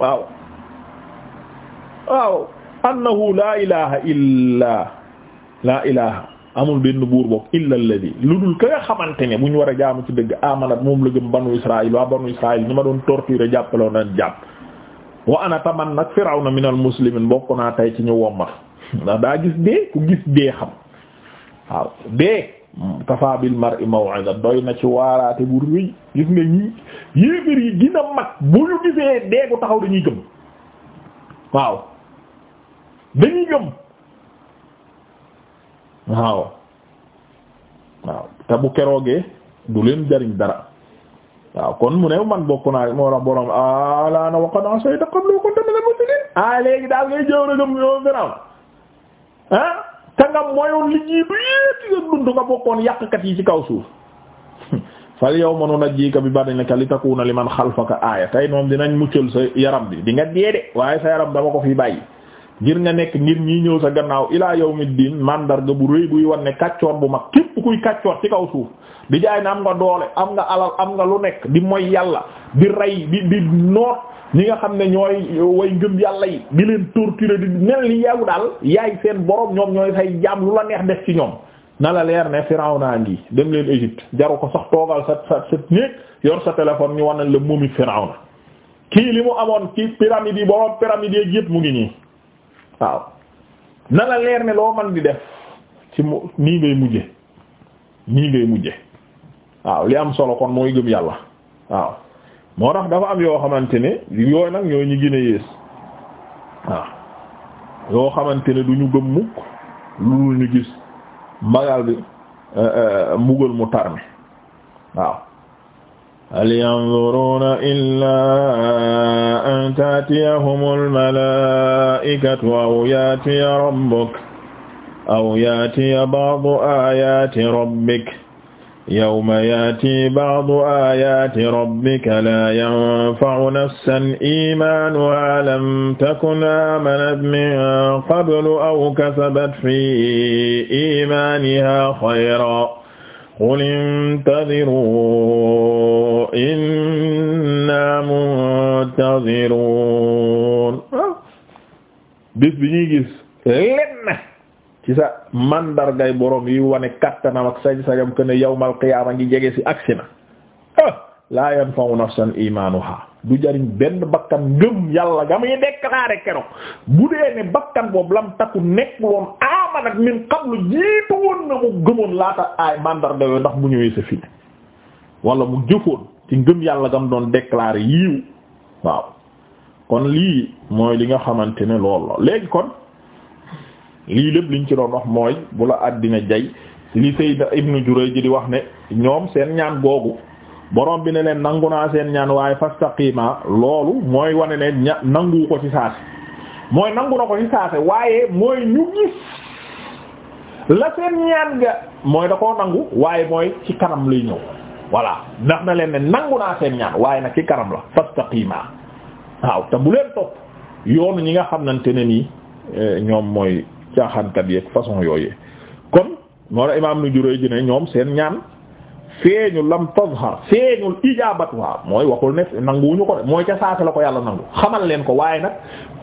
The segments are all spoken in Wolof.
waaw waaw annahu laa ilaha illa laa ilaha amul benn buur boog illa alladi lu dul ka xamante ne bu ñu war a jaamu ci dëgg amanat moom la gëm banu israil waa banu israil ñi ma doon torturer jàppaloo nan jàpp wa ana taman nag firawna minal muslimin bokk naa tey ci ñu wommat ndax daa gis dee ku gis dee xam waaw dee kafa bil mar'i maw'ida doy na ci waaraate bu rëy gis nga ñi yéefér yi dina mag bu ñu gisee deegu taxaw dañuy gëm waaw dañuy gëm waaw waaw te bu keroogee du leen jariñ dara waaw kon mu ne man bokk naa moo tax borom alaana wa qad asayta qablu wa kunta minal muslimin a ah, léegi daal ngay jëw na gëm yow gënaaw ah te nga moyoon li ñuy ba yéeti sa dund nga bokkoon yàqkat yi ci kaw suuf fal yawma nunajjika bi badanika li takuna liman xalfaka aaya tey moom dinañ muccal sa yaram bi di nga dee de waaye sa yaram dama ko fi bàyyi ngir nga nekk ngir ñi ñëw sa gannaaw ilaa yawmiddin mandarga bu rëy buy wan ne kàccoor bu mag képp kuy kàccoor ci kaw suuf di jaay am nga doole am nga alal am nga lu nekk di moy yàlla di rey bi di noot ñi nga xam ne ñooy way ngëm yàlla yi di leen torturer di mel ni yow daal yaay seen borom ñoom ñooy say jaam lu la neex def ci ñoom na la leer ne naa ngi dem leen Égypte jaru ko sax toogal sa sa sa néeg yor sa téléphone ñu wane la moom it Firawna kii li mu amoon ci pyramide yi borom pyramide yeeg yëpp mu ngi nii waaw na la leer ne loo man di def ci mu nii ngay mujje nii ngay mujje waaw li am solo kon mooy gëm yàlla waaw moo tax dafa am yoo xamante ne yooyu nag ñoo ñu gën a waaw yoo xamante ne du ñu gëm mukk lu ñu gis mbagal bi euh, euh, mbugal mu tar mi waaw hal yanzuruna illa an taatiyahum almalaikatu aw yaatiya rabbuk aw yaatiya ba'du ayati rabbik yawma yaati ba'du aayaati rabbika laa yanfa'u nafsan iimaanuhaa lam takun aamanat min qablu aw kasabat fii iimaanihaa xayran qul intaziruu innaa muntaziruun bis bi ñuy gis ci sa mandargay borom yi wane kattanam ak sañ-sañam que ne yawmal qiyaama ngi jege ci agsi na ah, laa yanfa'u nafsan imaanuha du jariñ benn bakkan ngëm yàlla ga muy déclaré keroog bu dee ne bakkan boobu lam takku nekk woon amanat mu gëmoon laata ay mandarga ndax bu ñëwee sa fit wala mu jëfoon ci ngëm yàlla gam doon déclaré yiiw waaw kon lii mooy li nga xamante ne lool la léegi kon lii lépp liñ ci doon wax mooy bu la àddina jay li Sayyid Ibnu Jurayj ji di wax ne ñoom seen ñaan googu borom bi ne leen nangu naa seen ñaan waaye fastaqima loolu mooy wane ne ña nangu ko ci saase mooy nangu na ko ci saase waaye mooy ñu gis la seen ñaan ga mooy da koo nangu waaye mooy ci kanam lay ñëw voilà ndax na leen ne nangu naa seen ñaan waaye nag ci kanam la fastaqima waaw te bu leen topp yoonu ñi nga xamante ne nii eh, ñoom mooy caaxaankat yeeg façon yooyee kon moo la imaam nu juróoy ji ne ñoom seen ñaan feeñu lam tazhar feeñul ijabatuha mooy waxul ne nanguwuñu ko de mooy ca saase la ko yàlla nangu xamal leen ko waaye nag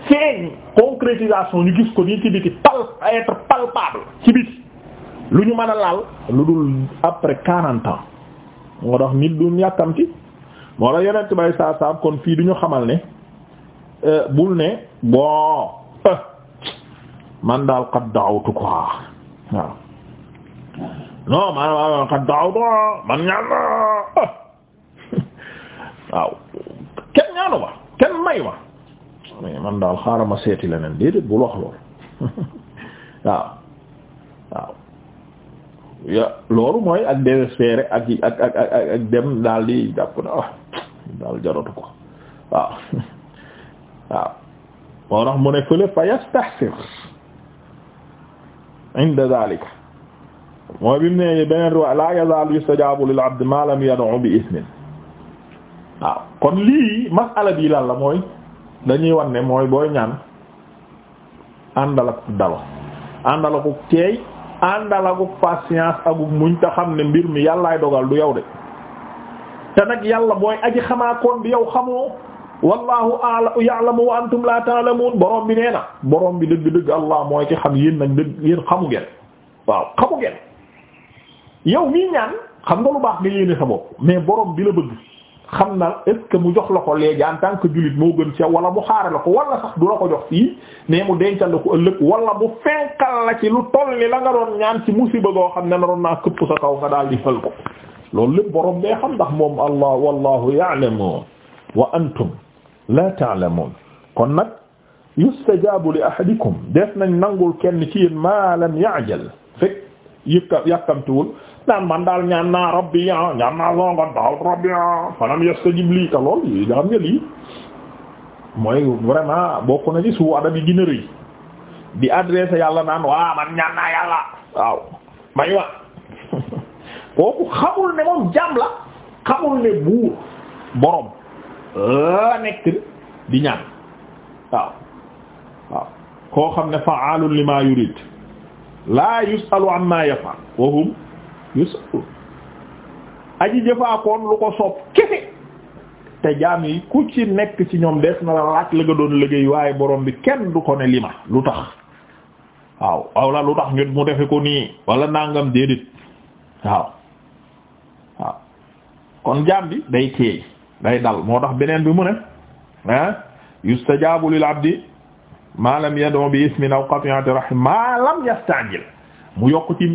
feeñ concrétisation ñu gis ko nii ci biti pal être palpable ci biti lu ñu mën a laal lu dul après quarante ans moo tax nit du yàkkamti moo tax yeneen bay saa saam kon fii du ñu xamal ne euh, bul ne bon euh, man daal qad da'awtu ko waaw non man ñaan na waaw kenn ma man daal xaaral ma seeti leneen déedéet bul wax lool waaw loolu mooy ak désespéré ak ak daal di jàpp na ah daal jaratu ko waaw waaw mu ne fële fa yastahsir inda zalika mooy bi mu ne beneen riwaay la yazaalu bi ismin kon lii masala bi lan mooy dañuy wan mooy booy ñaan àndal ak dalo àndal ak teey àndal ak patience ak muñ te ne mbir mi dogal du yow de te nag booy aji xamaa kon bi yow xamoo wallahu ya'lamu wa antum la ta'lamun borom bi nee na borom bi dëgg dëgg allah mooy ki xam yéen nag dëgg yéen xamu ngeen waaw xamu ngeen yow mii ñaan xam nga lu baax nga yéene sa bopp mais borom bi la bëgg xam na est mu jox la ko léegi en tant que jullit moo gën ci wala mu xaare la ko wala sax du la ko jox fii mais mu dencal la ko ëllëg wala mu fenkal la ci lu toll ni la nga doon ñaan ci musiba goo xam ne na doon naa këpp sa kaw nga daal di fël ko loolu lépp borom bee xam ndax moom allah wallahu ya'lamu wa antum la ta'lamun kon nag yustajabu li ahadikum def nangul kenn ci yéen ma lam ya'jal fekk yëkka yàkkamtuwul naan man daal ñaan naa rabbi ya ñaan naa songa daal rabbi ya fanam yastajib lii te lool yi xam nga mooy vraiment bokk na ci suu adab yi gën a rëy di naan waa man ñaan naa yàlla waaw may wa ne moom jaam la xamul ne buur borom la euh, nekk di ñaan waaw waaw koo xam ne fa'aalun lima yurid laa yus'alu amma yaf'al wa hum yus'alun aji jëfaakoon lu ko soob kese te jaam yi ku ci nekk ci ñoom des na la laaj la nga doon liggéey waaye borom bi kenn du ko ne lima lu tax waaw wala lu tax ñun mu defe ko nii wala nangam déedéet waaw waaw kon jaam bi day teey day dal moo tax beneen bi mu ne ah yustajabu lil abdi ma lam yad'u bi ismin aw qati'ati rahim maa lam yasta'jil mu yokk ci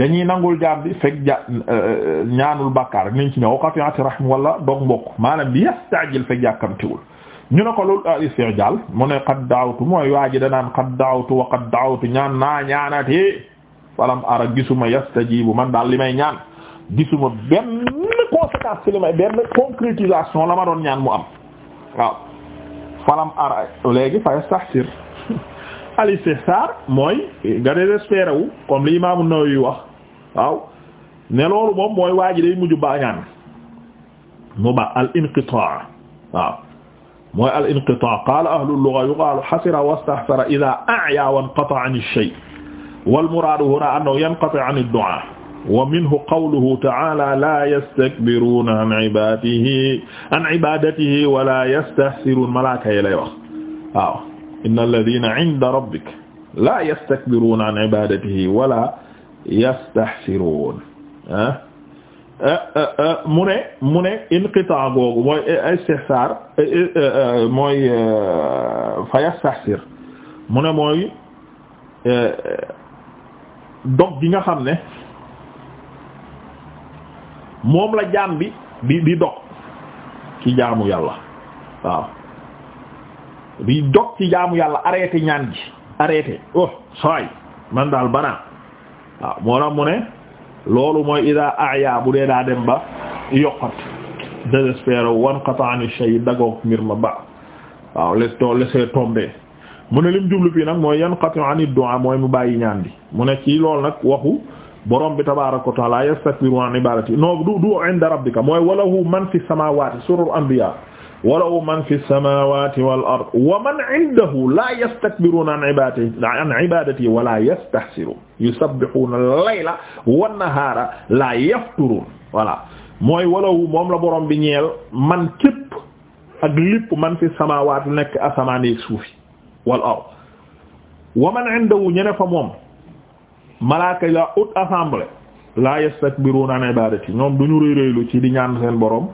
dañuy nangul jaam bi fekk ja euh, ñaanul bàkkaar niñ ci ñëw aw qati'ati rahim wala doog mbokk maanaam bi yasta'jil fekk yàkkamtiwul ñu ne ko loolu al ah, istijaal mu ne qad da'awtu mooy waa ji danaan qad da'awtu wa qad da'awtu ñaan naa ñaanati falam ara gisuma yastajibu man daal li may ñaan gisuma benn conséquence ci li may benn concrétisation la ma doon ñaan mu am waaw falam ara léegi fa yastahsir al istihsar mooy nga désespéré wu comme li Imam An-Nawawi wax waaw ne loolu moom mooy waa ji day mujj baañaan mu ba al inqitaa waaw mooy al inqitaa qaala ahlu lugha yuqaalu hasira wastahsara idha a'ya wa inqata 'an ash-shay' wal muraadu huna annahu yanqati 'an ad-du'a wa minhu qawluhu ta'ala la yastakbiruna an ibadihi an ibadatihi wa la yastahsirun malaaka yi lay wax waaw inna alladhina 'inda rabbika la yastakbiruna an ibadatihi wa la yastahsirun ah, ah, ah, ah. mu ne mu ne inqitaa googu mooy eh, istihsar eh, eh, mooy fa yastahsir mu ne mooy dog gi nga xam ne moom la jaam bi di di dog ci jaamu yàlla waaw di dog ci jaamu yàlla arrêté ñaan ji arrêté oh saay man daal banaa waaw moo tax mu ne loolu mooy ida aya bu dee daa dem ba yokkat désespéré wan qata'ani shay dagoog mbir ma ba waaw laisse laisser tomber mu ne lim jublu fii nag mooy yanqati ani du'a mooy mu bàyyi ñaan bi mu ne ci loolu nag waxu borom bi tabaaraka wa ta'aala yastakbiru an ibaadati no du du inda rabbika mooy walahu man fi samaawaati suratul anbiyaa walahu man fi samaawaati wal ard wa man indahu laa yastakbiruuna an ibaadati an ibaadati wa laa yastahsiruun yusabbihuuna al-layla wan-nahaara laa yafturuun voilà mooy walahu moom la borom bi ñeel man képp ak lépp man fi samaawaati nekk asamaan yi suuf yi wal ard wa man indahu ñene fa moom malaaka la haute assemblée la yastakbiruna naan ibadati ñoom duñu rëy rëylu ci di ñaan seen borom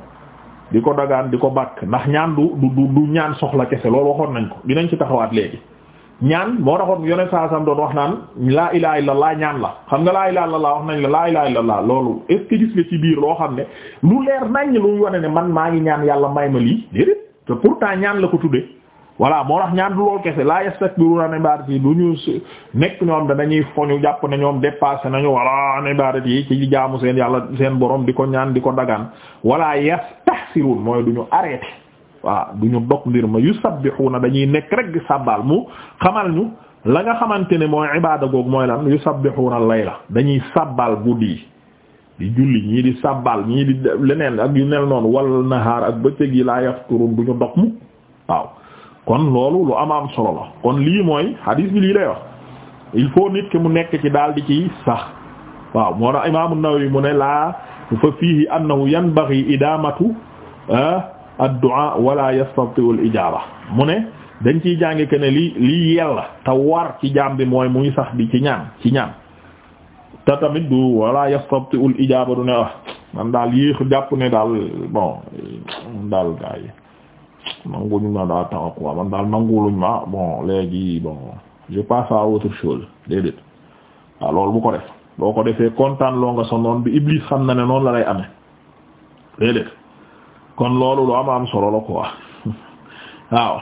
di ko dagaan di ko bàkk ndax ñaan du du du ñaan soxla kese loolu waxoon nañ ko dinañ ci taxawaat léegi ñaan moo taxoon yonent saa doon wax naan laa ilaha illallah ñaan la xam nga laa ilaha laa wax nañ la laa ilaha illallah loolu est ce gis nga ci biir loo xam ne lu leer nañ lu wone ne man maa ngi ñaan yàlla may ma lii déedéet te pourtant ñaan la ko tuddee voilà moo tax ñaan du lool kese la yastakbiruna an ibadati du ñu nekk ñoom dañuy foñu jàpp ne ñoom dépassé nañu wala an ibadati yi ci jaamu seen yàlla seen borom di ko ñaan di ko dagaan wala yastahsirun mooy du ñu arrêté waaw du ñu dog mbir ma yusabbihuna dañuy nekk rek di sàbbaal mu xamal ñu la nga xamante ne mooy ibada googu mooy lan yusabbihuna layla dañuy sàbbaal guddi yi di julli ñii di sàbbaal ñii di leneen ak yu mel noonu wal ak bëccëg yi laa ñu dog kon loolu lu amaam solo la kon lii mooy hadis bi lii lay wax il faut nit ki mu nekk ci daal di ci sax waaw moo tax imaamu Nawawi mu ne laa fa fiihi annahu yanbaghi idaamatu ah, ad-du'a wala yastati al ijaaba mu ne dañ ciy jànge que ne li lii yella te ci jaam bi mooy muy sax bi ci ñaan ci ñaan te tamit du wala yastati al ijaaba du ne ah man daal yéexu jàpp ne daal bon daal gaa nanguwuñ ma daa tax quoi man daal nanguwuluñ ma bon léegi bon je passe à autre chose déedéet waaw ah, loolu bu ko def boo ko defee kontaan loo nga sa noon bi Iblis xam na ne noonu la lay amee déedéet kon loolu lu am am solo la quoi waaw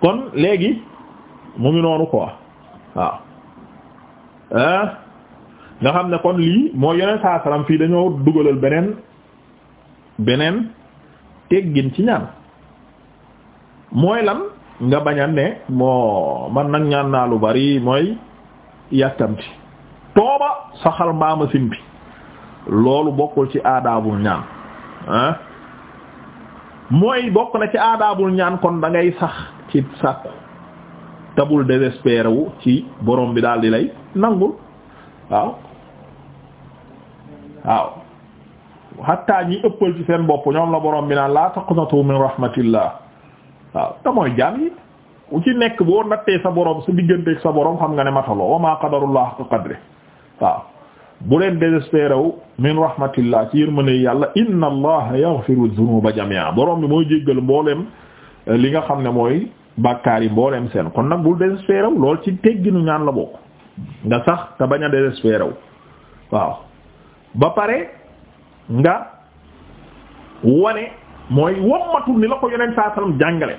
kon léegi mu ngi noonu quoi waaw nga xam ne kon lii moo yeneen saa salaam fii dañoo dugalal beneen beneen teggin ci ñaan mooy lan nga baña ne moo man nag ñaan naa lu bari mooy yàkkamti tooba saxal mbaama simbi loolu bokkul ci aadaabul ñaan ah. mooy bokk na ci aadaabul ñaan kon da sax ci sàkku tabul désespéré ci borom bi daal di lay nangul waaw waaw hatta ñi ëppal ci seen bopp ñoom la borom bi naan la taqnatu min rahmatillah waaw te mooy jaam yi ku ci nekk boo nattee sa borom sa digganteeg sa borom xam nga ne mataloo wa maa qadarullah haqqa qadri waaw bu leen désespéré wu min rahmatillah ci yërmande yàlla inna allaha yaghfiru dhunuba jami'a boroom bi mooy jéggal mbooleem euh, li nga xam ne mooy bàkkaar yi mbooleem seen kon nag bul désespéré lool ci tegginu ñaan la bokk nga sax te bañ a désespéré waaw ba pare nga wane mooy wommatul ni la ko saa sallam jàngale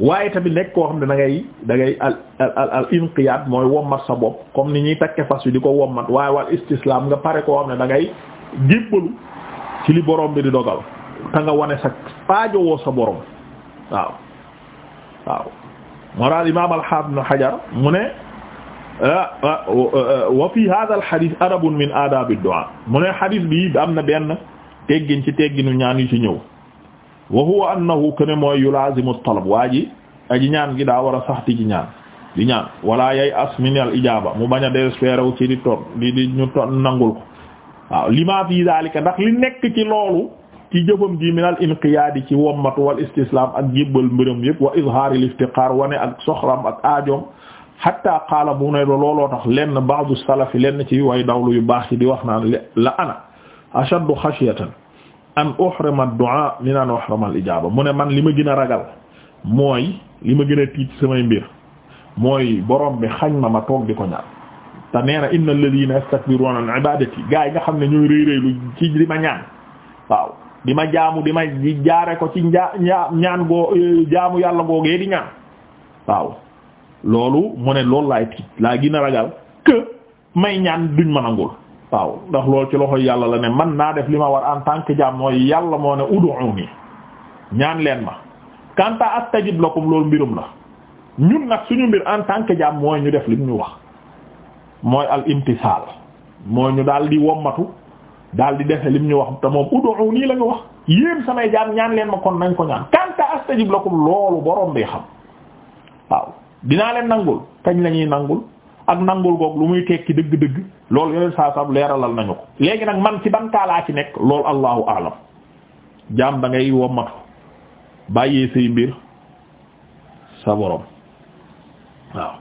waaye tamit nekk koo xam ne dangay dangay da al al al mooy wommat sa bopp comme ni ñuy takke fas wi di ko wommat waaye wal istislaam nga pare koo xam ne da ngay jébbalu ci li borom bi di dogal te wone sa aajowoo sa borom waaw waaw moo daal imaam al-Haafiz Ibn mu ne ah, ah, wa ah, fi hadha al-hadith min adab ad-du'a mu ne hadith bi am na benn teggin ci tegginu ñaan yu ci ñëw wa huwa annahu kene mooy yulazimu talab waa ji aji ñaan gi daa war a saxti ci ñaan di ñaan wala yay as al ijaba mu bañ a désespéré wu ci di ton di di ñu ton nangul ko waaw lima fi zalika ndax li nekk ci loolu ci jëfam ji min al inqiyaadi ci wommatu wal istislam ak jébbal mbiram yëpp wa izhaar al iftiqaar wane ak soxlam ak aajoom hatta qaala bu ne looloo tax lenn u salafi lenn ci way dawlu yu baax di wax naan ashaddu xashiyatan an uhrima ad-du'a min an uhrima al-ijaba mu ne man li ma gën a ragal mooy li ma gën a tiit samay mbir mooy borom bi xañ ma ma toog ko ñaan te nee na inna alladhina yastakbiruna an ibadati gaa yi nga xam ne ñooy rëy rëy lu ci di ma ñaan waaw di ma jaamu di ma jaare ko ci njaa ñaan goo eh, jaamu yàlla googee di ñaan waaw loolu mu ne loolu laay tiit laa gën a ragal que may ñaan duñ ma nangul waaw ndax loolu ci loxoy yàlla la ne man naa def li ma war en tant que jaam mooy yàlla moo ne ud'uuni ñaan leen ma kanta astajib lakum loolu mbirum la ñun nag suñu en tant que jaam ñu def li ñu wax mooy al imtisaal mooy ñu daal di wommatu daal di defe lim ñu wax te moom ud'uuni la wax yéen samay jaam ñaan leen ma nañ ko ñaan kanta astajib lakum loolu borom bi xam waaw dinaa leen nangul kañ la ñuy nangul ak nangul goog lu muy tekki dëgg-dëgg loolu yeneen saa sam leeralal nañu ko léegi nag man ci ban kaalaa ci nekk loolu allahu alam jaam da ngay wommatu bàyyee say mbir sa borom waaw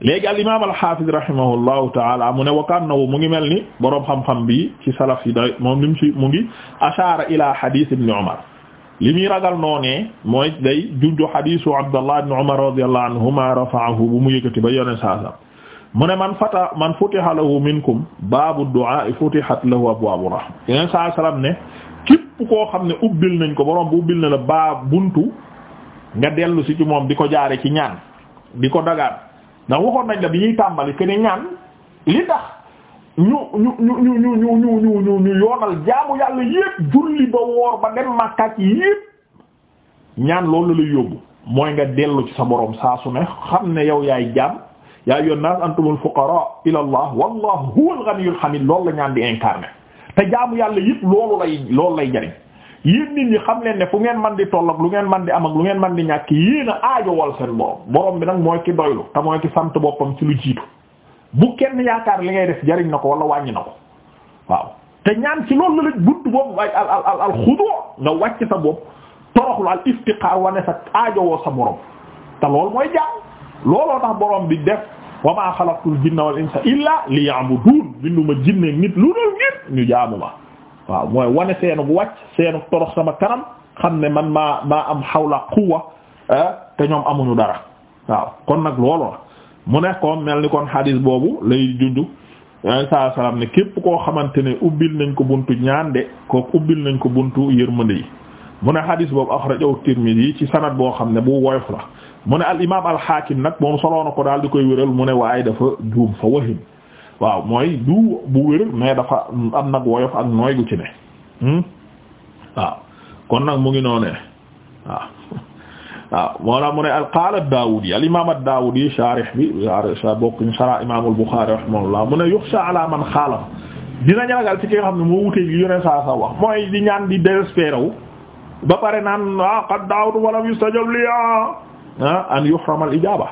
léegi al imaam al xaafiz rahimahullahu taala mu ne wakaan na mu ngi mel ni boroom xam-xam bi ci salaf yi da moom li mu ci mu ngi ashaara ila hadith ibn Umar li muy ragal noonee mooy day junju hadisu Abdallah ibn Umar radiyallahu anhuma rafa'ahu bu mu yëkkati ba yoneen saasam mu ne man fata man futiha lahu minkum baabu du'a futihat lahu abwaabu rahma yeneen saa salaam ne képp koo xam ne ubbil nañ ko borom bu ubbil na la baa buntu nga dellu si ci moom di ko jaaree ci ñaan bi ko dagaat ndax waxoon nañ la bi ñuy tàmbali ke ñaan li tax ñu ñu ñu ñu ñu ñu ñu ñu ñu ñu yoonal jaamu yàlla yépp julli ba woor ba dem Makka ak yépp ñaan loolu la lay yóbbu mooy nga dellu ci sa boroom saa su ne xam ne yow yaay jaam yaa ayyuhan naas antumul fuqaraa ila Allah wallahu huwal ghaniyyul hamiid loolu la ñaan di incarné te jaamu yàlla yépp loolu lay loolu lay jariñ yéen nit ñi xam leen ne fu ngeen man di toll ak lu ngeen man di am ak lu ngeen man di ñàkk yéen a aajowal seen boroom boroom bi nag mooy ki doylu te mooy ki sant boppam ci lu jiitu bu kenn yaakaar li ngay def jariñ na ko wala wàññi na ko waaw te ñaan ci loolu la la bunt boobu ay al al al xudu nga wàcc sa bopp toroxlu al iftiqaar wane sa aajowoo sa borom te loolu mooy jaam looloo tax borom bi def wa maa xalaqtul jinna wal insa illa liya'budun binduma jinne nit lu dul ngir ñu jaamu ma waaw mooy wane seenu wàcc seenu torox ma kanam xam ne man maa maa am xawla quwwa eh, te ñoom amuñu dara waaw kon nag loolu la mu ne comme mel ni kon xadis boobu lay junju saa salaam ne képp koo xamante ne ubbil nañ ko buntu ñaan de ko ubbil nañ ko buntu yërmande yi mu ne xadis boobu axrajahu yi ci sanad boo xam ne bu woyof la mu ne al imaam al xaakim nag moom soloona ko daal di koy wéral mu ne waaye dafa juum fa wahim waaw mooy du bu wér mais dafa am nag woyof ak nooy gu ci ne hmm? waaw kon nag mu ngi noonee waaw waaw moo la mu ne qaala Daawudi al imaam ad-Daawudi sharih bi sharih bokkuñ sharah imaam al-Bukhari rahimahullah mu ne yuxsha ala man xaalaf dinañ ragal ci ki nga xam ne moo wutee li yoneen saa sa mooy di ñaan di désespéré ba pare naan ah qad da'awtu wa lam yustajab li ah, ah an yuhrama al-ijaaba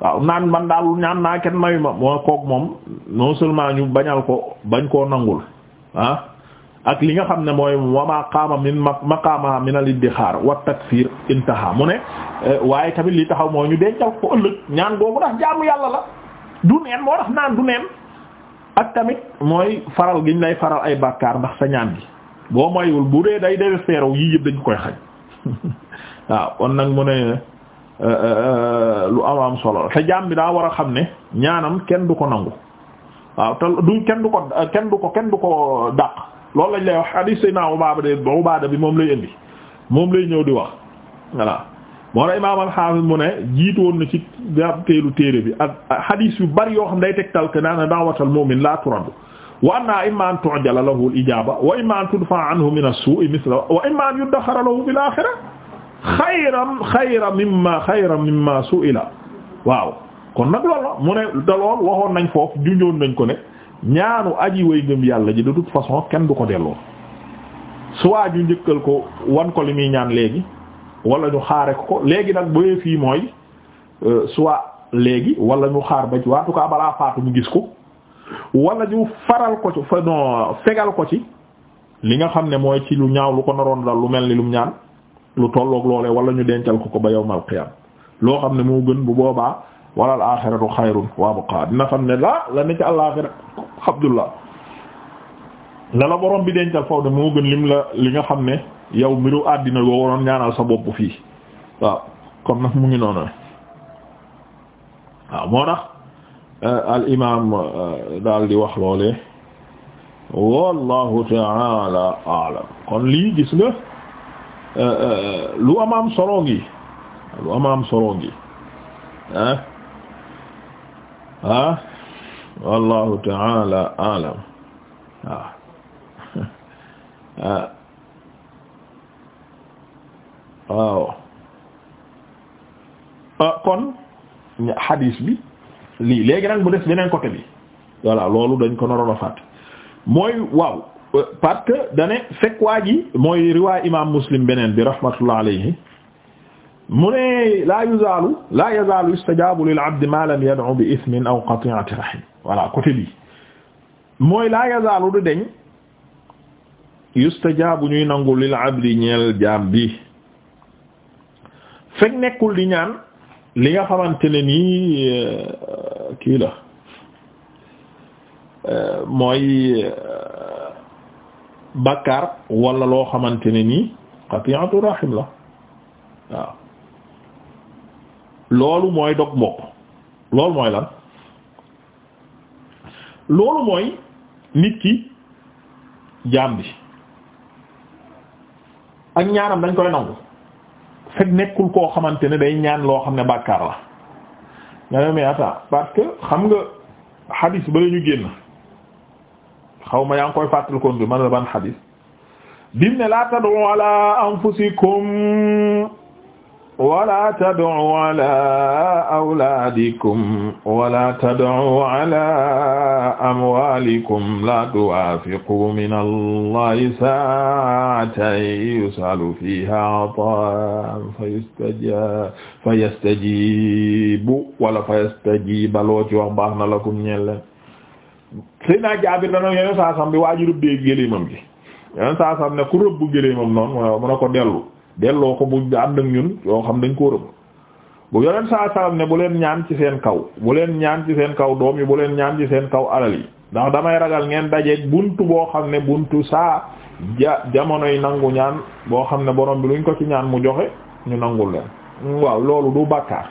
waaw naan man daal ñaan naa kenn mayu ma moo koog moom non bañal ko bañ koo nangul ah, ak li nga xam ne mooy wa maqaama min maqaama min al iddixaar wa takfir intaha mu ne eh, waaye tamit li taxaw mooy ñu dencal ko ëllëg ñaan googu ndax jaamu ak tamit mooy faral gi lay faral ay bàkkaar ndax sa boo moywul bu day désespéré yii dañ koy kon nag mu eh, eh, am am solo te jaam bi daa war a xam ne ñaanam kenn du ko nangu waaw te du kenn du ko kenn du ko kenn du ko dàq loolu lañ lay wax hadith sayna Ubaada de Ubaada bi moom lay indi moom lay ñëw di wax voilà moo la imaam al-Hafiz mu ne jiitu woon na ci teelu téere bi ak hadith yu bari yoo xam day tegtal ke naan da'watul la turaddu wa anna imma an tu'jala lahu al-ijaba tudfa anhu min as-su'i wa imma an yudkhara lahu fil akhirah waaw kon nag loolu la mu ne da lool waxoon nañ foofu junjoon nañ ko ne ñaanu aji way ngëm yàlla ji de toute façon kenn du ko delloo soit ñu njëkkal ko wan ko li muy ñaan léegi wala ñu xaare ko léegi nag booyee fii mooy euh, soit léegi wala ñu xaar ba ci balaa faatu mu gis ko walla ñu faral ko ci fa fegal ko ci li nga xam ne mooy ci lu ñaaw lu ko naroon dal lu mel ni lum ñaan lu tolloog loolee wala ñu dencal ko ko ba yawmal qiyaam loo xam ne moo gën bu boobaa wala al axiratu xayrun wa abqa dina xam laa la nekk al axira la la borom bi dencal faw de moo gën lim la li nga xam ne yow mbiru àddina boo waroon ñaanal sa bopp fii waaw kon mu ngi noonu waaw moo tax eh, eh, daal di wax loole wallahu taala aalam kon lii gis nga eh, lu amaam solo ngi lu amaam solo ngi ah wallahu taala alam waaw waaw ah, kon xadiis bi lii léegi nag mu des beneen côté bi voilà loolu dañ ko naroon a mooy waaw parce que dane fekk waa ji mooy riwaay imam Muslim beneen bi rahmatullah alayhi mu ne laa yuzaalu laa yazaalu yustajaabu lil abdi ma lam yad'u bi ismin aw qati'ati rahim voilà côté bi mooy laa yazaalu du deñ yustajaabu ñuy nangu lil abdi ñeel jaam bi fekk nekkul di ñaan li nga xamante ne nii euh, kii la euh, mooy euh, bàkkaar wala loo xamante ne nii qati'atu rahim la loolu mooy dog mbokk loolu mooy lan loolu mooy nit ki jaan bi ak ñaanam dañ koy nangu fekk nekkul koo xamante ne day ñaan loo xam ne bàkkaar la nga ne mais attends parce que xam nga xadis ba la génn xaw ma yaa ngi koy fàttal bi man la ban xadis bimu ne la tad'u ala anfusikum wala tad'u ala awlaadikum wala tad'u ala amwaalikum la tuwaafiqu min allahi saa'atan yusalu fiihaa ataa'an fayustajaab fayastajiibu wala fayastajiiba loo ci wax baax na lakum ñeel leen Seydina Jaabir dana yeneen saa sam bi waaju rëbbee géléemam gi yeneen saa sam ne ku rëbb géléemam noonu mu ne ko dellu delloo ko bu am ak ñun yoo xam dañ koo rëbb bu yoneen saa salam ne bu leen ñaan ci seen kaw bu leen ñaan ci seen kaw doom yi bu leen ñaan ci seen kaw alal ndax damay ragal ngeen dajeeg buntu boo xam ne buntu saa ja jamonoy nangu ñaan boo xam ne borom bi luñ ko ci ñaan mu joxe ñu nangul leen waaw loolu du bàkkaar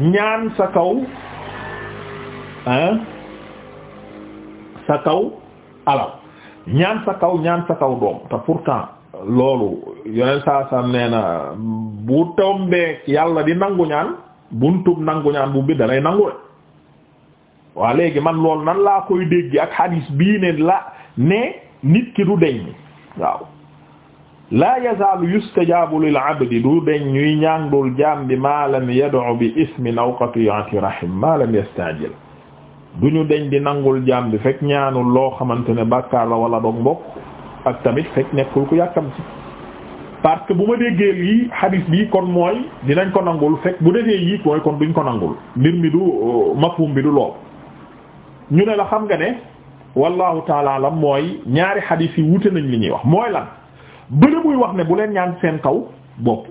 ñaan sa kaw sa kaw alal ñaan sa kaw ñaan sa kaw doom te pourtant loolu yeneen saa saa nee na bu tombee yàlla di nangu ñaan buntub nangu ñaan bu bi nangu rek waa léegi man loolu nan laa koy dégg ak hadis bii la ne nit ki du deñ waaw laa yazaalu yustajabu lil abdi du deñ ñuy ñaandool jaam bi ma lam bi ismin aw qati'ati rahim ma lam yastajil duñu deñ di nangul jaam bi fekk ñaanul loo xamante ne bàkkaar wala dog mbokk ak tamit fekk nekkul ku yàkkamti parce que bu ma déggee lii hadis bi kon mooy dinañ ko nangul fekk bu defee yii mooy kon duñ ko nangul mbir mi du euh, mafhum bi du lool ñu ne la xam nga ne wallahu taala alam mooy ñaari hadis yi wute nañ li ñuy wax mooy lan bëri muy wax ne bu leen ñaan seen kaw bopp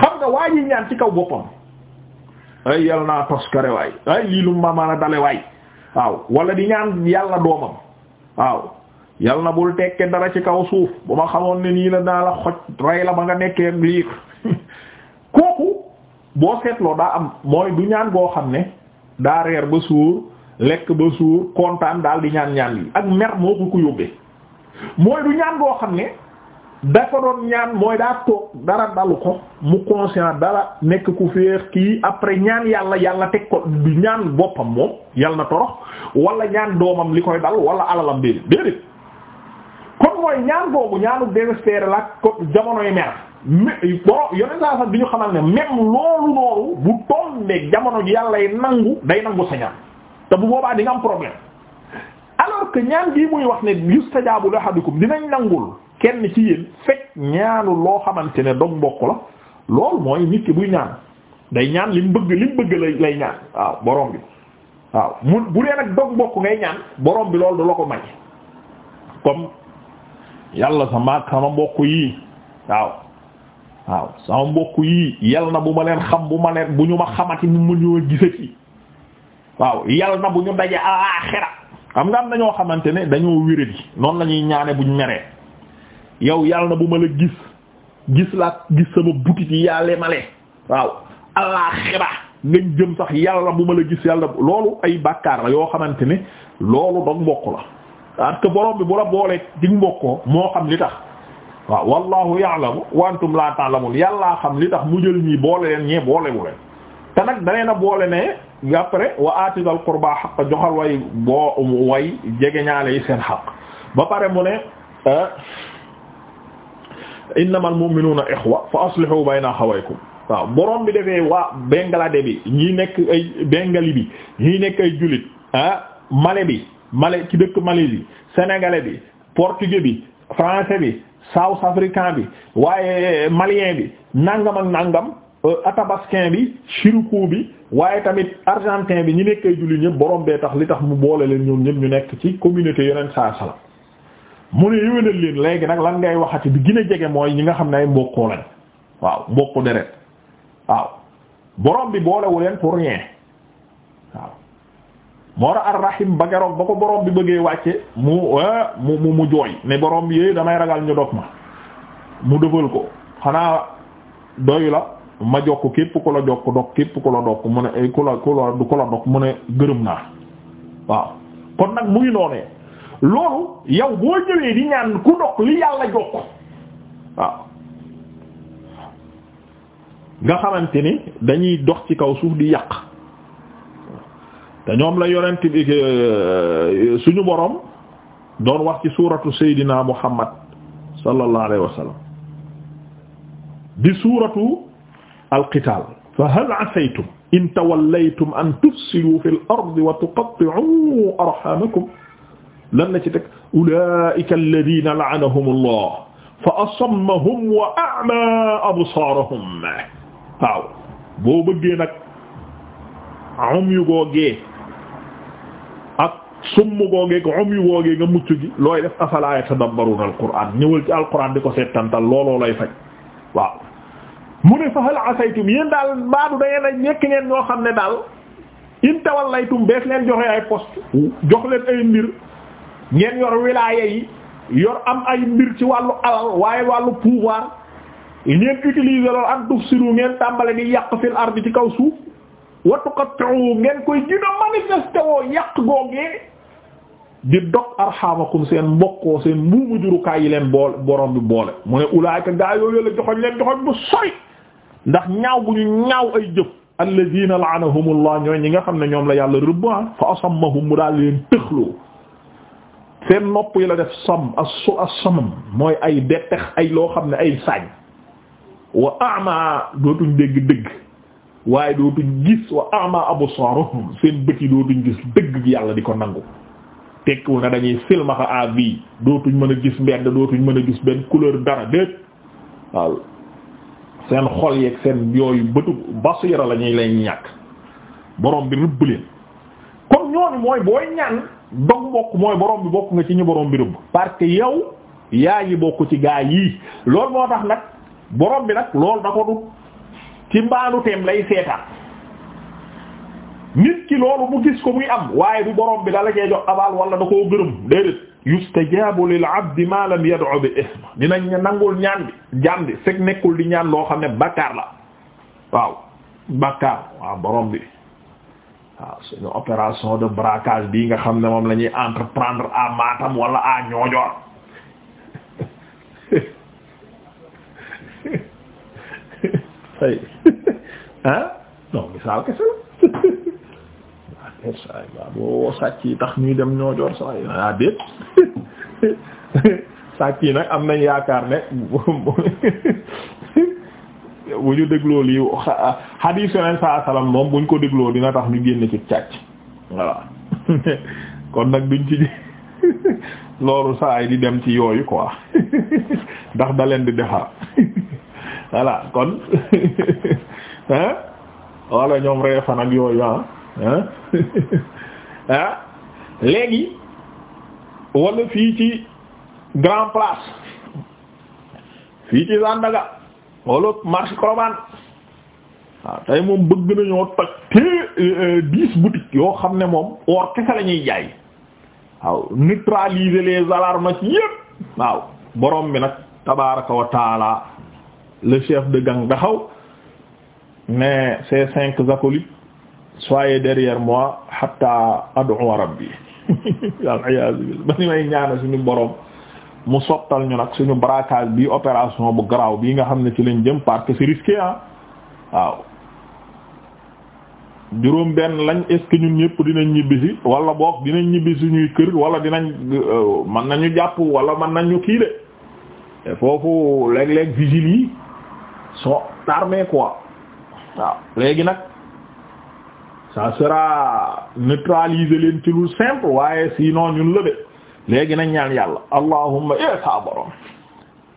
xam nga waa yi ñaan ci kaw boppam ay yàlla naa tos kare ay lii lu ma a dale waay waaw wala di ñaan yàlla doomam waaw yal na bul tekke dara ci kaw suuf bu ma xamoon ne nii la naa la xoj rey la ba nga nekkee liir kooku boo seetloo daa am mooy du ñaan boo xam ne daa reer ba suur lekk ba suur kontaan daal di ñaan ñaan yi ak mer moo ko ko yóbbee mooy du ñaan boo xam ne da doon ñaan mooy daa toog dara dalu ko mu conscient dara nekk ku féex kii après ñaan yàlla yàlla teg ko du ñaan boppam moom yàlla na torox walla ñaan doomam li koy dal wala alalam déedéet déedéet mooy ñaan boobu ñaanu désespéré la ko jamonoy mer mais bon yonent saa sax bi ñu xamal ne même loolu noonu bu tombé jamono ji yàlla yi nangu day nangu sa ñaan te bu boobaa di am problème alors que ñaan bii muy wax ne yustajaabu li ahadikum dinañ nangul kenn ci yéen fekk ñaanu loo xamante ne dog mbokk la loolu mooy nit ki buy ñaan day ñaan li mu bëgg li mu bëgg lay lay ñaan waaw borom bi waaw mu bu dee nag dog mbokk ngay ñaan boroom bi loolu du la ko may yàlla sama ak sama mbokk yi waaw waaw sama mbokk yi yal na bu ma leen xam bu ma leen bu ñu ma xamati mu mu ñoo gisati waaw yal na bu ñu daje alaaxira xam nga am na ñoo xamante ne dañoo wéradi noonu la ñuy ñaane buñ meree yow yàlla na bu ma la gis gis laa gis sama butit yi yàlle male waaw alaaxira ngañ jëm sax yàlla bu ma la gis yàlla loolu ay bàkkaar la yoo xamante ne loolu dog mbokk la parce que borom bi bu la boolee dig mbokkoo moo xam li tax waaw wallahu ya'lamu wa antum la ta'lamun yàllaa xam li tax mu jël ñii boole leen ñee boolewu leen te nag danee na boole ne après wa atidal qurba xaq joxal way boo way jegeñaale yi seen xaq ba pare mu ne eh, innamal mu'minuna ikhwa fa aslihu bayna akhawaykum waaw borom bi defee waa Bengladé bi ñii nekk ay Bengali bi ñii nekk ay julit ah eh, bi male ci dëkk Malaisie sénégalais bi portugais bi français bi south africain bi waaye eh, malien bi nangam ak nangam euh, atabaskin bi chirico bi waaye tamit argentin bi ñu nekk ay jullit ñëpp borom bee tax li tax mu boole leen ñoom ñëpp ñu nekk ci communauté yeneen saa sala mu ne yéwénal leen léegi nag lan ngay waxati bi gën a jege mooy ñi nga xam ne ay mbokkoo lañ waaw mbokku deret waaw borom bi boolewuleen pour rien waaw. moo tax arrahim ba keroog ba ko borom bi bëggee wàcce mu ah, mu mu mu jooy ne borom bi eh, damay ragal ñu dog ma mu dëfal ko xanaa doyu la ma jokk képp ku la jokk dog képp ku la dog mu ne eh, ku la ku la dog mu ne gërëm naa waaw kon nag mu ngi noonee loolu yow boo jëlee di ñaan ku dog li yàlla jokk waaw nga xamante ni dañuy dox ci kaw suuf di yàq te ñoom la yonent bi euh, euh, suñu borom doon wax ci suuratu Seydina Muhammad sallallahu alayhi wa sallam di suuratu al-qitaal fa hal asaytum in tawallaytum an tufsidu fil ardi wa tuqatti'u arhamakum lan na ci teg ulaa'ika alladhiina la'anahumullah fa asammahum wa a'maa absaarahum waaw boo bëggee nag am yu googee summ googeeg um yu googee nga mucc gi looy def afala yatadabbaruna alquran ñëwal ci alquran di ko seetantal looloo lay faj waaw mu ne fa hal asaytum yéen daal mbaadu da ngeen a nekk ngeen ñoo xam ne daal in tawallaytum bees leen joxe ay poste jox leen ay mbir ngeen yor wilaya yi yor am ay mbir ci wàllu alal waaye wàllu pouvoir ngeen utiliser loolu an tufsiru ngeen tàmbale di yàq fil ardi ci kaw suuf wa tuqattu ngeen koy gën a yàq googee di dog arxamakum seen mbokkoo seen mbuumu jurukaay yi leen bool borom bi boole mu ne ulaayka gaa yooyu la joxoñ leen joxoñ bu sori ndax ñaaw bu ñu ñaaw ay jëf alladina laanahumullah ñooy ñi nga xam ne ñoom la yàlla rëbban ah, fa asammahum mu daal leen tëxloo seen nopp yi la def sam as mooy ay dettex ay loo xam ne ay sañ wa ama dootuñ dégg dëgg waaye dootuñ gis wa ama absaaruhum seen bët yi dootuñ gis dëgg yàlla di ko nangu tekkiwul na dañuy silmaxa à vie dootuñ mën a gis mbedd dootuñ mën a gis benn couleur dara déet waaw seen xol yeeg seen yooyu bëtu basira la ñuy leen ñàkk borom bi rëbb leen kon ñooñu mooy booy ñaan dog bokk mooy borom bi bokk nga ci ñu borom bi rëbb parce que yow yaa yi bokk ci gaa yii lool moo tax nag borom bi nag loolu da ko du ci mbaanu lay seetaan nit ki bu gis ko muy am waaye du borom bi dala cee jox abal wala da koo gërëm déedéet yustajabu lil abdi ma lam yad'u bi isma dinañ ne nangul ñaan bi jaam nekkul di ñaan loo xam ne bakkaar la waaw bakkaar waaw borom bi waaw suñu opération de braquage bii nga xam ne moom la ñuy entreprendre à Matam wala à Niodior ay ah non kese la Eh, saay waa sàcc yi tax ñuy dem ñoo joor saay waa ah, déet sàcc yi nag am nañ yaakaar ne bu ñu dégloo lii moom buñ ko dégloo dina tax ñu génn ci càcc nag duñ ci loolu saa di dem ci yooyu quoi ndax da leen di defar voilà kon hein wala ñoom reefan ak yooyu ah ah léegi wala fii ci grand place fii ci Sandaga wala marché Colobane waaw ah, tey moom bëgg nañoo toj te euh, dix boutiques yoo xam ne moom or kese la ñuy jaay waaw neutraliser les alarmes ci yépp waaw borom bi nag tabaraka wa le chef de gang daxaw mais ces cinq acolytes soyez derrière moi hatta ad'u rabbi waliyasu billah ba ni may ñaana suñu boroom mu sottal ñu nag suñu braquage bi opération bu garaaw bii nga xam ne ci lañ jëm parce que c'est risqué waaw juróom benn lañ est ñun ñëpp dinañ ñibbisi wala boog dinañ ñibbi suñuy kër wala dinañ euh, mën nañu jàpp wala mën nañu kii de te foofu léeg-léeg nag ça sera neutraliser leen ci lu simple waaye sinon ñun lëbe léegi nañ ñaan yàlla allahumma e sa borom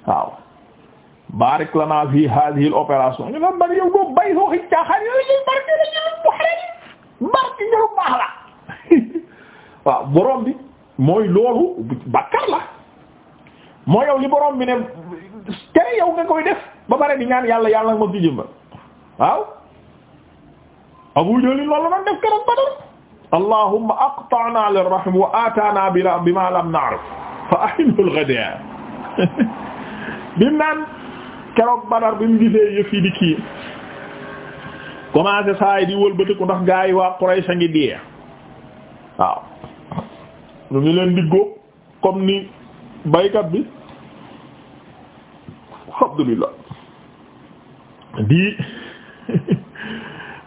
waaw barik lana fi hadhihi al opération ñu bay soo xi caaxaan yo la ñuy barke la ñu lu boxle barke ñulu baax waaw borom bi mooy loolu bakkar la moo yow li borom bi ne tere yow nga koy def ba pare di ñaan yàlla yàlla nga ma ci waaw Abu Jahl loolu doon def keroog Badar allahumma aqta'na lirrahim wa atana bima lam na'rif fa ahinhu al-ghada bi naan keroog Badar bi mu gisee yëf yi di kii commencé saa yi di wëlbatiku ndax gaa yi waa Quraysh a ngi dee waaw ñu ngi leen di góob comme ni baykat bi alhamdulillah di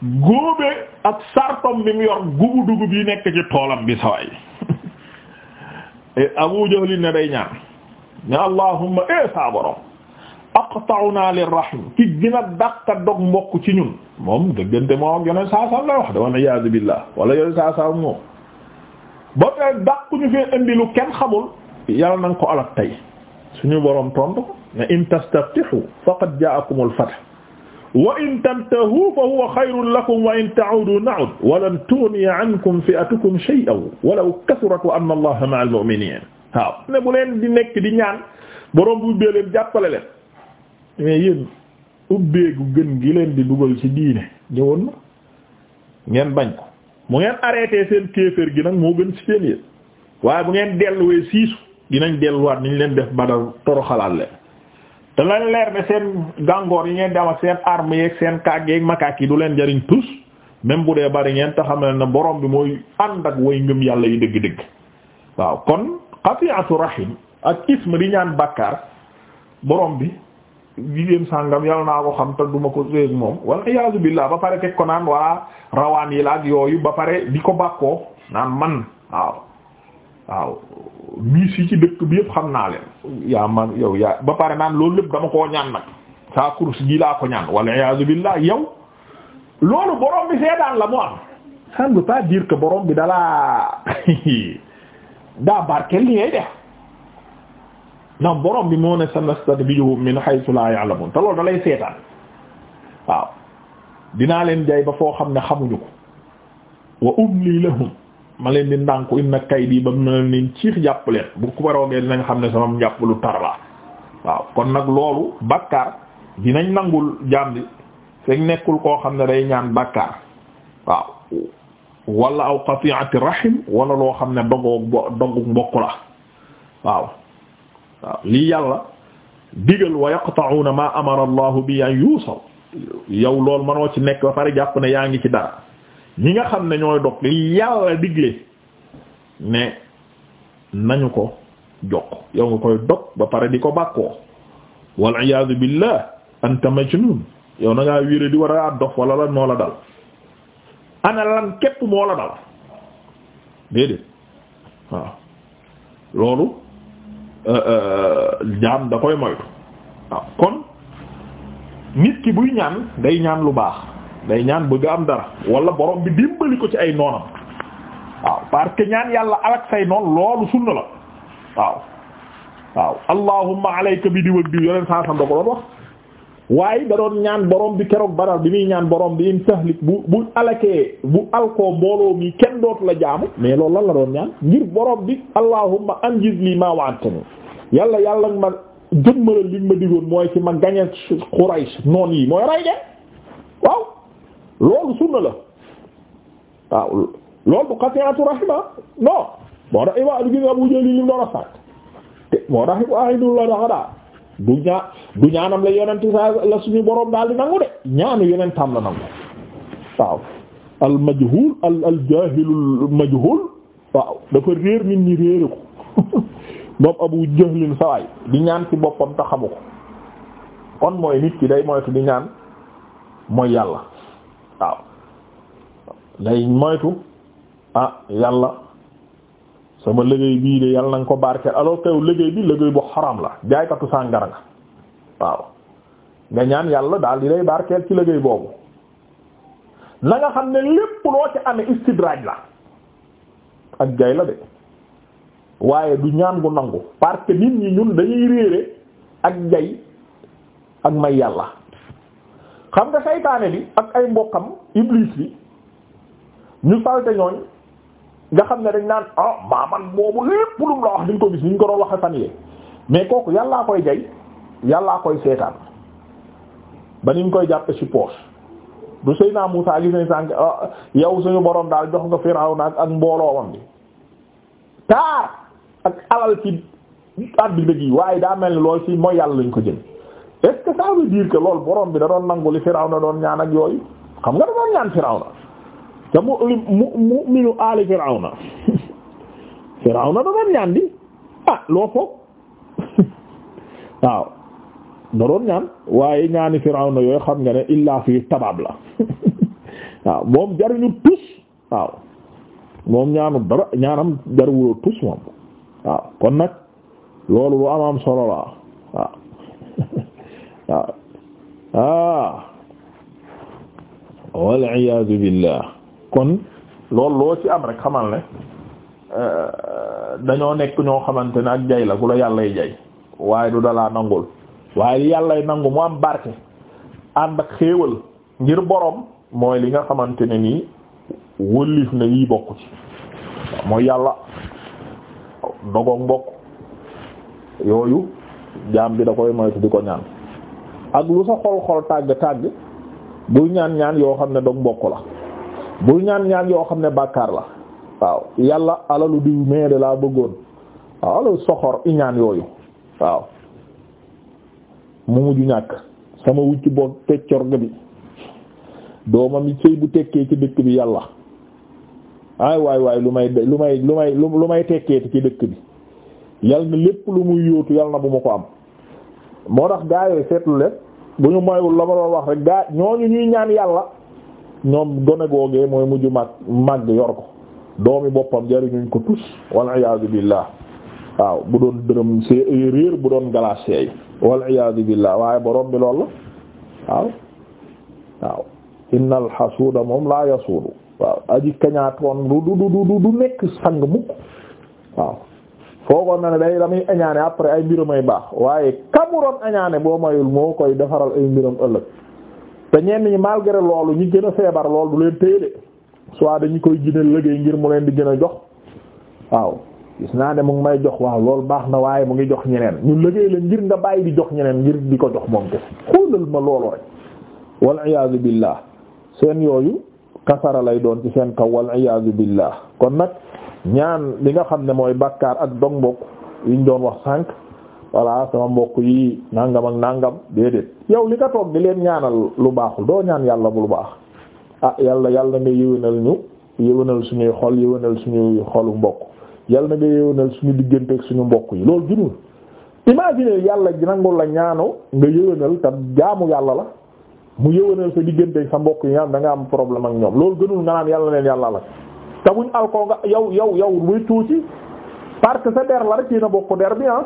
góobe ak sartom bi mu yor gubu dugub yi nekk ci toolam bi saway eh, Abu Jahl ne day ñaan ya allahumma e sa borom aqta'na lirrahim ki gëna dàqa dog mbokk ci ñun moom dëggante moo ak yoneen saa sam la wax da wan iyasu billah wala yoneen saa sam moom ñu fee indi lu kenn xamul yàlla na ko alak tey suñu borom tontu ne in tastaftihu faqad ja'akumul fath wa in tantahu fa huwa xayrun lakum wa in ta'udu na'ud wa lan tughni ankum fi'atukum shay'an walaw kasurat wa anna allaha ma'al mu'minin waaw ne bu leen di nekk di ñaan borom bu ubbee leen jàppale leen mais yéen ubbeegu gën gi leen di dugal ci diine ñëwoon na ngeen bañ ko mu ngeen arrêté seen kéeféer gi nag moo gën ci seen yéen waaye bu ngeen delluwee siisu dinañ delluwaat niñ leen def badal toroxalaat leen te leer ne seen gàngoor yi ngeen di ak seen armes yeeg seen kàgg yeeg makaak yi du leen jariñ tous même bu dee bari ngeen te xam ne borom bi mooy ànd ak way ngëm yàlla yu dëgg-dëgg waaw kon qati'atu rahim ak isma di ñaan bàkkaar borom bi jigéen sàngam yàlla naa ko xam te duma ko seeg moom wal iyaazu billah ba pare teg ko naan waa rawaan yi la ak yooyu ba pare di ko bàkkoo naan man waaw waaw miis yi ci dëkk bi yëpp xam naa leen yaa man yow yaa ba pare naan loolu lépp dama koo ñaan nag saa course gi laa ko ñaan wala iyaazu billah yow loolu borom bi seetaan la mu am ça ne veut pas borom bi dalaa daa barkeel borom bi moo ne sanastadrijuhum min haythu laa ya'lamun te loolu da seetaan waaw dinaa leen jay ba foo xam ne xamuñu ko wa umli ma leen di ndànku inna kaydi ba mu ne leen ciix jàpp leen bu ko baroogee dinañ xam ne sama jàpp lu tar waaw kon nag loolu bàkkaar dinañ nangul jaam bi nekkul koo xam ne day ñaan bàkkaar waaw wala aw qati'ati rahim wala loo xam ne dogoo dogu mbokk la waaw waaw lii yàlla digal wa yaqta'una ma amara allahu bi an yuusal yow loolu mënoo ci nekk ba pare jàpp ne yaa ngi ci dara ñi nga xam ne ñooy dog li yàlla digle ne nañu ko jokk yow nga koy dog ba pare di ko bàkkoo wal iyaadu billah anta majnun yow na ngaa di war a dof wala la dal ana lan képp moo la dal déedéet waaw loolu euh, euh, jaam da koy moytu waaw kon nit ki buy ñaan day ñaan lu baax day ñaan bëgg am dara wala borom bi dimbali ko ci ay noonam waaw parce ñaan yàlla alak say noon loolu sunna la waaw waaw allahumma alayka bi diw ak diw yoleen da doon ñaan borom bi keroog baral bi muy ñaan borom bi in tahlik bu bu alakee bu alkoo mbooloo mi kenn dootu la jaamu mais loolu lan la doon ñaan ngir borom bi allahumma anjiz li ma wa'adtani yàlla yàlla ma jëmmalal li ma digoon mooy ci ma gañe Quraysh noon yi mooy ray de waaw loolu sunna la waaw loolu du qati'atu rahima non moo tax ima du gis nga bu jëli lim doon a sàkk te moo tax ahidul la daxadaa du ñaa du ñaanam la yonent sa la suñu boroom daal di nangu de ñaanu yonentam la nangu waaw al majhul al al jahilul majhul waaw dafa réer nit ñi réere ko moom abu jahlin sawaay di ñaan ci boppam te xamu ko kon mooy nit ki day moytu di ñaan mooy yàlla waaw day moytu ah yàlla sama liggéey bii de yàlla na nga ko barkeel alors que liggéey bi liggéey bu xaram la jaaykatu sàngara nga waaw nga ñaan yàlla daal di lay barkeel ci liggéey boobu na nga xam ne lépp loo ci amee istidraaj la ak jay la de waaye du ñaan bu nangu parce que nit ñi ñun dañuy réere ak jay ak may yàlla xam nga saytaane bi ak ay mbokkam iblis bi ñu salte ñooñ nga xam ne dañ naan ah maaman boobu lépp lum la wax di ko gis ni ñu ko doon waxe fan yee mais kooku yàllaa koy jay yàllaa koy seetaan ba ni koy jàppe ci poche du sëy naa Musaa gis nañ sànq ah, yow suñu borom daal jox nga Firawna ak mbooloowam bi taar ak alal ci àddina gi waaye daa mel ni lool ci mooy yàlla lañ ko jëm est-ce que ça veut dire bi da doon nangu li Firawna doon ñaan ak yooyu xam nga da doon ñaan mu mu mu'minu Firawna Firawna doon ñaan di ah loo foog waaw da doon ñaan waaye ñaani Firawna yooyu xam nga ne illaa fii tabaab la waaw moom jariñu tus waaw moom ñaanu dara ñaanam jariwuloo tus moom waaw kon nag loolu lu am am solo la waaw ah. ah wal iyaazu billah kon loolu loo ci am rek xamal ne eh, dañoo nekk ñoo xamante ne ak jay la ku la yàllay jay waaye du dalaa nangul waaye yàllay nangu mu am barke ànd ak xéewal ngir boroom mooy li nga xamante ne nii wëlif na yi bokk ci mooy yàlla dogoog mbokk yooyu jaam bi da koy moytu di ko ñaan ak lu sa xol-xol tàgg tàgg bul ñaan ñaan yoo xam ne dog mbokk la bul ñaan ñaan yoo xam ne bàkkaar la waaw yàlla alalu diw mais laa bëggoon waaw alalu soxor i ñaan yooyu waaw mu mujj ñàkk sama wucc boog peccor bi doomam yi bu tekkee ci dëkk bi yàlla ay waay waay lu may lu may lu may lu may tekkee ci dëkk bi yàlla lépp lu muy yóotu yàlla na bu ma ko am moo tax gaayo yooyu seetlu leen bu ñu moywul la ma doon wax rek gaa ñooñu ñuy ñaan yàlla ñoom gone googee mooy mujj mag mag yor ko doomi boppam jariñuñ ko tus wal iyaadu billah waaw bu doon dërëm see réer bu doon galaas seey wal iyaadu billah waaye borom bi lool la waaw waaw innal xasuuda moom laa yasuudu waaw aji kañaatoon du du du du nekk sang mukk waaw koo ko na ne day damay añaane après ay mbiramay baax waaye kamuroon añaane boo mayul moo koy defaral ay mbiram ëllëg te ñenn ñi malgré loolu ñi gën a feebar lool du leen téye de soit dañu koy gën a liggéey ngir mu leen di gën a jox waaw gis naa ne mu ngi may jox waaw loolu baax na waaye mu ngi jox ñeneen ñu liggéey la ngir nga bàyyi di jox ñeneen ngir di ko jox moom te xoolal ma loolu rek wal iyaazu billah seen yooyu kasara lay doon ci seen kaw wal iyaazu billah kon nag ñaan li nga xam ne mooy bàkkaar ak dog mbokk yiñ doon wax sànq voilà sama mbokk yi nangam ak nangam déedéet yow li nga toog di leen ñaanal lu baaxul doo ñaan yàlla bu lu baax ah yàlla yàlla nga yëwénal ñu yëwénal suñuy xol yëwénal suñuy xolu mbokk yàlla na nga yëwénal suñu diggante suñu mbokk yi loolu junul imagine yàlla nangul la ñaanu nga yëwénal te jaamu yàlla la mu yëwénal sa diggante ak sa mbokk yi nga am da nga am problème ak ñoom loolu gënul nga naan yàlla leen yàlla la te buñ alkoo nga yow yow yow muy tuuti parce que sa der la rek yéen a bokk der bi ah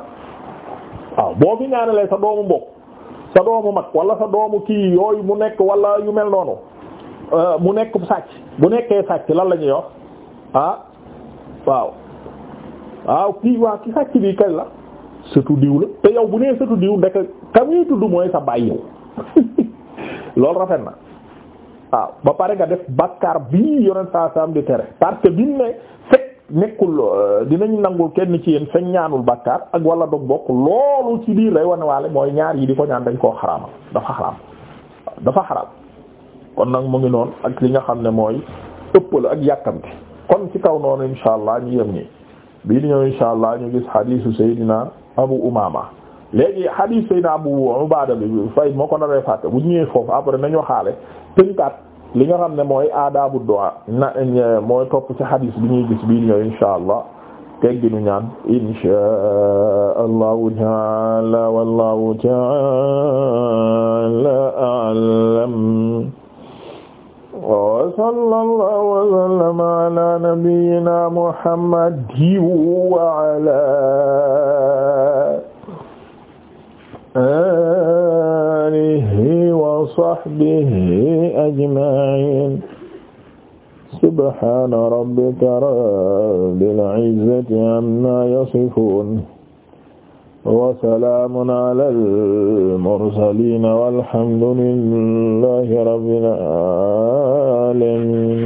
waaw boo fi sa doomu mbokk sa doomu mag wala sa doomu kii yooyu mu nekk wala yu mel noonu euh, mu nekk sàcc bu nekkee sàcc lan la ñuy wax a ah, waaw waaw kii waa ki sàcc bi kay la sëtu diw la te yow bu nee sëtu diw ndekk ka muy tudd mooy sa bàyyi yow loolu rafet na waaw ba pare nga def bàkkaar bii yonent saa saam di tere parce que bi ne fekk nekkul euh, dinañ nangul kenn ci yéen fekk ñaanul bàkkaar ak wala dog bokk loolu ci biir lay wane waale mooy ñaar yi di ko ñaan dañ koo xaraamal dafa xaraam dafa xaraam kon nag mu ngi noonu ak li nga xam ne mooy ëppal ak yàkkamti kon ci kaw noonu insha allah ñu yem nii bii di ñëw insha allah ñu gis xadiisu Seydina Abu Umaama léegi xadiis Seydina Abu Ubaada bi fay moo ko naree fàtte bu ñëwee foofu li nga xam ne mooy aadaabu du'a na mooy topp ci xadiis bi ñuy gis bii ñëw insha allah tegginu ñaan insha allahu taala wallahu taala a'lam wa sallallahu wa sallama ala nabiyyina muhammadin wa ala alihi wa sahbihi ajma'in subhana rabbika rabbil izzati amma yasifun wa salaamun alal mursaliin walhamdu lillahi rabbil aalamiin